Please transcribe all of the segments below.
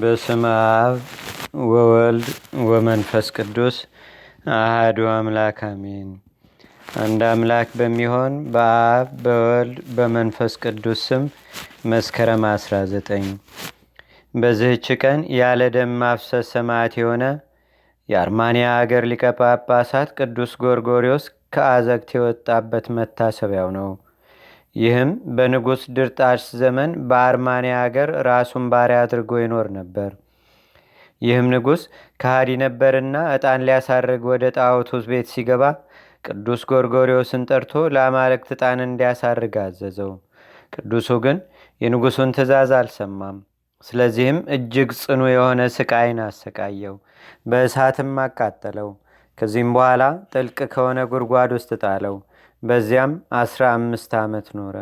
በስም አብ ወወልድ ወመንፈስ ቅዱስ አህዱ አምላክ አሜን። አንድ አምላክ በሚሆን በአብ በወልድ በመንፈስ ቅዱስ ስም መስከረም 19 በዚህች ቀን ያለ ደም ማፍሰስ ሰማዕት የሆነ የአርማንያ አገር ሊቀ ጳጳሳት ቅዱስ ጎርጎሪዎስ ከአዘግት የወጣበት መታሰቢያው ነው። ይህም በንጉሥ ድርጣሽ ዘመን በአርማንያ አገር ራሱን ባሪያ አድርጎ ይኖር ነበር። ይህም ንጉሥ ከሃዲ ነበርና ዕጣን ሊያሳርግ ወደ ጣዖቱ ቤት ሲገባ ቅዱስ ጎርጎሪዎስን ጠርቶ ለአማልክት ዕጣን እንዲያሳርግ አዘዘው። ቅዱሱ ግን የንጉሱን ትእዛዝ አልሰማም። ስለዚህም እጅግ ጽኑ የሆነ ስቃይን አሰቃየው፣ በእሳትም አቃጠለው። ከዚህም በኋላ ጥልቅ ከሆነ ጉድጓድ ውስጥ ጣለው። በዚያም አስራ አምስት ዓመት ኖረ።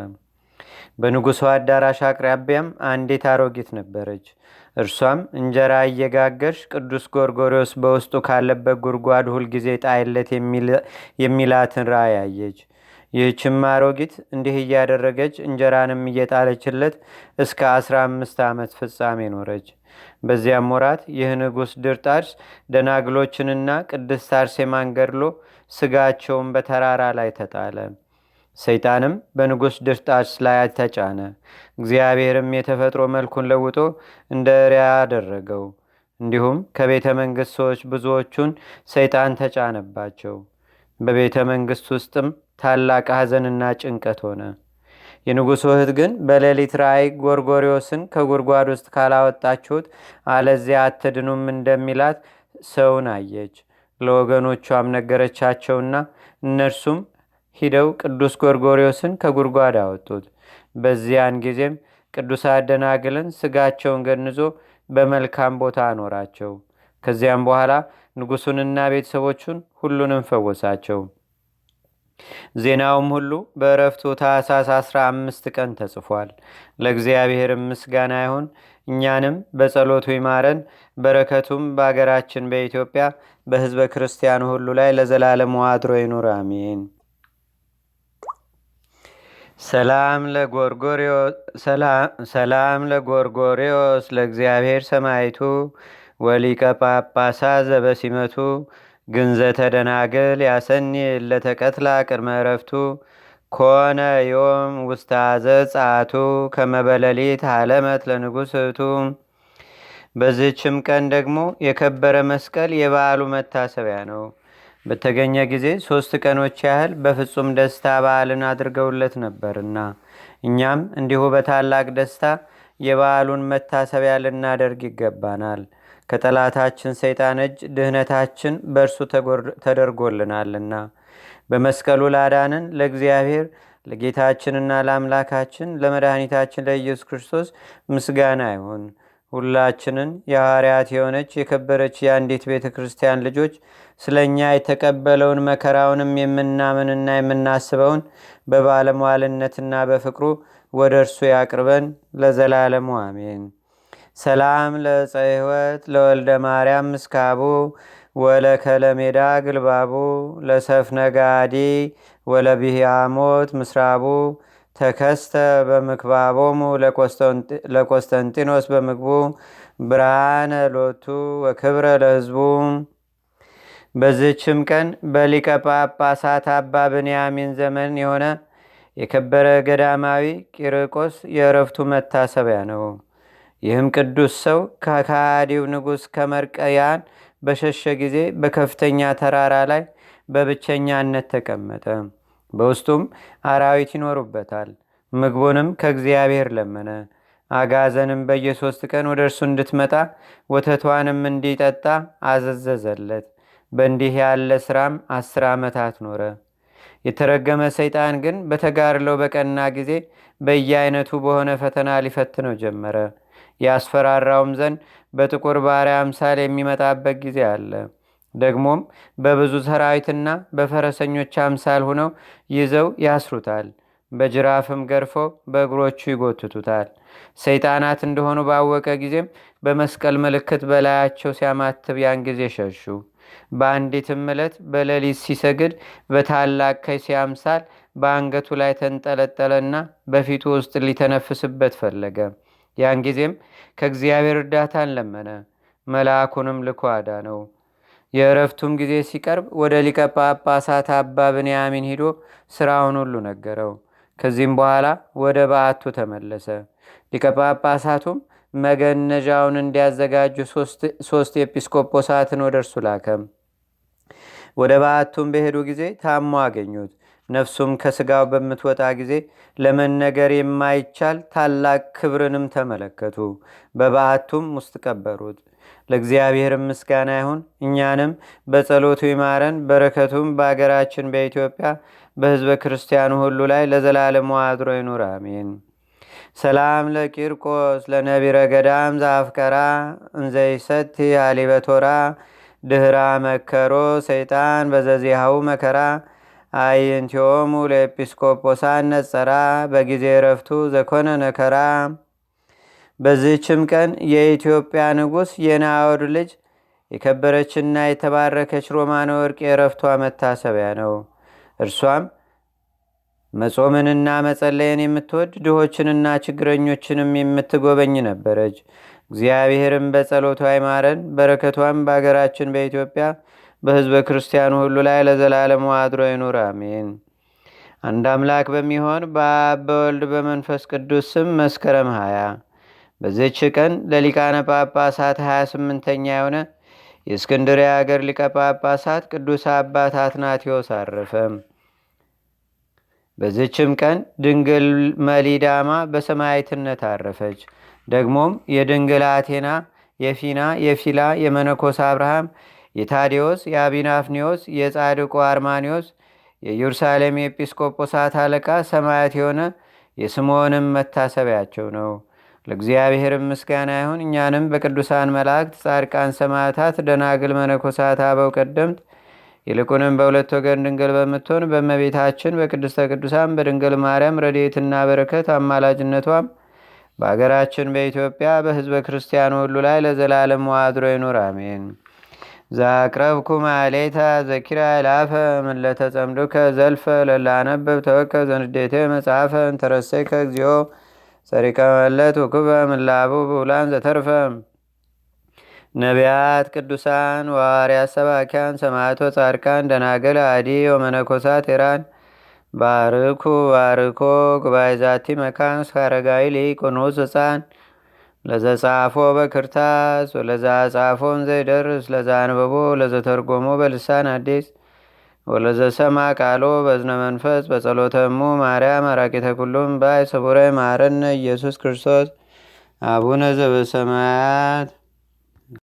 በንጉሡ አዳራሽ አቅራቢያም አንዲት አሮጊት ነበረች። እርሷም እንጀራ እየጋገርሽ ቅዱስ ጎርጎሪዎስ በውስጡ ካለበት ጉድጓድ ሁልጊዜ ጣይለት የሚላትን ራእይ አየች። ይህችም አሮጊት እንዲህ እያደረገች እንጀራንም እየጣለችለት እስከ አስራ አምስት ዓመት ፍጻሜ ኖረች። በዚያም ወራት ይህ ንጉሥ ድርጣርስ ደናግሎችንና ቅድስት አርሴማን ገድሎ ስጋቸውም በተራራ ላይ ተጣለ። ሰይጣንም በንጉሥ ድርጣድስ ላይ ተጫነ። እግዚአብሔርም የተፈጥሮ መልኩን ለውጦ እንደ ሪያ አደረገው። እንዲሁም ከቤተ መንግሥት ሰዎች ብዙዎቹን ሰይጣን ተጫነባቸው። በቤተ መንግሥት ውስጥም ታላቅ ሐዘንና ጭንቀት ሆነ። የንጉሥ እህት ግን በሌሊት ራእይ ጎርጎሪዎስን ከጉድጓድ ውስጥ ካላወጣችሁት አለዚያ አትድኑም እንደሚላት ሰውን አየች። ለወገኖቿም ነገረቻቸውና እነርሱም ሂደው ቅዱስ ጎርጎሪዎስን ከጉድጓድ አወጡት። በዚያን ጊዜም ቅዱስ አደናግልን ስጋቸውን ገንዞ በመልካም ቦታ አኖራቸው። ከዚያም በኋላ ንጉሱንና ቤተሰቦቹን ሁሉንም ፈወሳቸው። ዜናውም ሁሉ በእረፍቱ ታሳስ 15 ቀን ተጽፏል። ለእግዚአብሔር ምስጋና ይሁን። እኛንም በጸሎቱ ይማረን። በረከቱም በአገራችን በኢትዮጵያ በህዝበ ክርስቲያኑ ሁሉ ላይ ለዘላለም ዋድሮ ይኑር፣ አሜን። ሰላም ለጎርጎሪዎስ ለእግዚአብሔር ሰማይቱ ወሊቀ ጳጳሳ ዘበሲመቱ ግንዘተ ደናግል ያሰኒ ለተቀትላ ቅድመ ረፍቱ ኮነ ዮም ውስታዘ ጻቱ ከመበለሊት አለመት ለንጉስቱ በዝችም ቀን ደግሞ የከበረ መስቀል የበዓሉ መታሰቢያ ነው። በተገኘ ጊዜ ሦስት ቀኖች ያህል በፍጹም ደስታ በዓልን አድርገውለት ነበርና እኛም እንዲሁ በታላቅ ደስታ የበዓሉን መታሰቢያ ልናደርግ ይገባናል። ከጠላታችን ሰይጣን እጅ ድህነታችን በእርሱ ተደርጎልናልና በመስቀሉ ላዳንን ለእግዚአብሔር ለጌታችንና ለአምላካችን ለመድኃኒታችን ለኢየሱስ ክርስቶስ ምስጋና ይሁን። ሁላችንን የሐርያት የሆነች የከበረች የአንዲት ቤተ ክርስቲያን ልጆች ስለ እኛ የተቀበለውን መከራውንም የምናምንና የምናስበውን በባለሟልነትና በፍቅሩ ወደ እርሱ ያቅርበን። ለዘላለሙ አሜን። ሰላም ለዕፀ ሕይወት ለወልደ ማርያም ምስካቡ ወለከለሜዳ ግልባቡ ለሰፍነጋዲ ወለብህያሞት ምስራቡ ተከስተ በምክባቦሙ ለቆስተንጢኖስ በምግቡ ብርሃነ ሎቱ ወክብረ ለህዝቡ በዝችም ቀን በሊቀ ጳጳሳት አባ ብንያሚን ዘመን የሆነ የከበረ ገዳማዊ ቂርቆስ የእረፍቱ መታሰቢያ ነው። ይህም ቅዱስ ሰው ከካዲው ንጉሥ ከመርቀያን በሸሸ ጊዜ በከፍተኛ ተራራ ላይ በብቸኛነት ተቀመጠ። በውስጡም አራዊት ይኖሩበታል። ምግቡንም ከእግዚአብሔር ለመነ። አጋዘንም በየሶስት ቀን ወደ እርሱ እንድትመጣ ወተቷንም እንዲጠጣ አዘዘዘለት። በእንዲህ ያለ ስራም አስር ዓመታት ኖረ። የተረገመ ሰይጣን ግን በተጋርለው በቀና ጊዜ በየአይነቱ በሆነ ፈተና ሊፈትነው ጀመረ። ያስፈራራውም ዘንድ በጥቁር ባሪያ አምሳል የሚመጣበት ጊዜ አለ። ደግሞም በብዙ ሰራዊትና በፈረሰኞች አምሳል ሆነው ይዘው ያስሩታል። በጅራፍም ገርፎ በእግሮቹ ይጎትቱታል። ሰይጣናት እንደሆኑ ባወቀ ጊዜም በመስቀል ምልክት በላያቸው ሲያማትብ ያን ጊዜ ሸሹ። በአንዲትም ዕለት በሌሊት ሲሰግድ በታላቅ ከይሲ አምሳል በአንገቱ ላይ ተንጠለጠለና በፊቱ ውስጥ ሊተነፍስበት ፈለገ። ያን ጊዜም ከእግዚአብሔር እርዳታን ለመነ፣ መልአኩንም ልኮ አዳነው። የእረፍቱም ጊዜ ሲቀርብ ወደ ሊቀ ጳጳሳት አባ ብንያሚን ሂዶ ስራውን ሁሉ ነገረው። ከዚህም በኋላ ወደ በዓቱ ተመለሰ። ሊቀ ጳጳሳቱም መገነዣውን እንዲያዘጋጁ ሶስት ኤጲስቆጶሳትን ወደ እርሱ ላከም። ወደ በአቱም በሄዱ ጊዜ ታሞ አገኙት። ነፍሱም ከስጋው በምትወጣ ጊዜ ለመነገር የማይቻል ታላቅ ክብርንም ተመለከቱ። በበዓቱም ውስጥ ቀበሩት። ለእግዚአብሔር ምስጋና ይሁን። እኛንም በጸሎቱ ይማረን። በረከቱም በአገራችን በኢትዮጵያ በህዝበ ክርስቲያኑ ሁሉ ላይ ለዘላለሙ አድሮ ይኑር፣ አሜን። ሰላም ለቂርቆስ ለነቢረ ገዳም ዘአፍቀራ እንዘይሰቲ አሊበቶራ ድህራ መከሮ ሰይጣን በዘዚሃው መከራ አይንቲዮሙ ለኤጲስቆጶሳን ነጸራ በጊዜ ረፍቱ ዘኮነ ነከራ። በዚህችም ቀን የኢትዮጵያ ንጉሥ የናወድ ልጅ የከበረችና የተባረከች ሮማነ ወርቅ የረፍቷ መታሰቢያ ነው። እርሷም መጾምንና መጸለይን የምትወድ ድሆችንና ችግረኞችንም የምትጎበኝ ነበረች። እግዚአብሔርም በጸሎቷ ይማረን፣ በረከቷም በአገራችን በኢትዮጵያ በህዝበ ክርስቲያኑ ሁሉ ላይ ለዘላለሙ አድሮ ይኑር፣ አሜን። አንድ አምላክ በሚሆን በአብ በወልድ በመንፈስ ቅዱስ ስም መስከረም 20 በዘች ቀን ለሊቃነ ጳጳሳት 28ኛ የሆነ የእስክንድር አገር ሊቀ ጳጳሳት ቅዱስ አባት አትናቴዎስ አረፈ። በዚችም ቀን ድንግል መሊዳማ በሰማይትነት አረፈች። ደግሞም የድንግል አቴና፣ የፊና፣ የፊላ፣ የመነኮስ አብርሃም የታዲዮስ የአቢናፍኒዎስ የጻድቁ አርማኒዎስ የኢየሩሳሌም የኤጲስቆጶሳት አለቃ ሰማያት የሆነ የስምዖንም መታሰቢያቸው ነው። ለእግዚአብሔርም ምስጋና ይሁን። እኛንም በቅዱሳን መላእክት፣ ጻድቃን፣ ሰማዕታት፣ ደናግል፣ መነኮሳት፣ አበው ቀደምት ይልቁንም በሁለት ወገን ድንግል በምትሆን በእመቤታችን በቅድስተ ቅዱሳን በድንግል ማርያም ረድኤትና በረከት አማላጅነቷም በአገራችን በኢትዮጵያ በሕዝበ ክርስቲያኑ ሁሉ ላይ ለዘላለም ዋድሮ ይኑር፣ አሜን። ዛቅረብኩ ማሌታ ዘኪራ ላፈ ምለተጸምዱከ ዘልፈ ለላነብብ ተወከ ዘንዴቴ መጽሐፈ እንተረሰይከ እግዚኦ ሰሪከ መለት ውክበ ምላቡ ብውላን ዘተርፈ ነቢያት፣ ቅዱሳን፣ ዋርያ፣ ሰባኪያን፣ ሰማቶ ጻድቃን፣ ደናገል፣ አዲ ወመነኮሳት ኤራን ባርኩ ባርኮ ጉባኤ ዛቲ መካን እስካረጋዊ ሊቁ ህፃን ለዘጻፎ በክርታስ ወለዛ ጻፎን ዘይደርስ ለዛ አንበቦ ለዘተርጎሞ በልሳን አዲስ ወለዘሰማ ቃሎ በዝነ መንፈስ በጸሎተሙ ማርያም አራቂተ ኩሉም ባይ ስቡረ ማረነ ኢየሱስ ክርስቶስ አቡነ ዘበሰማያት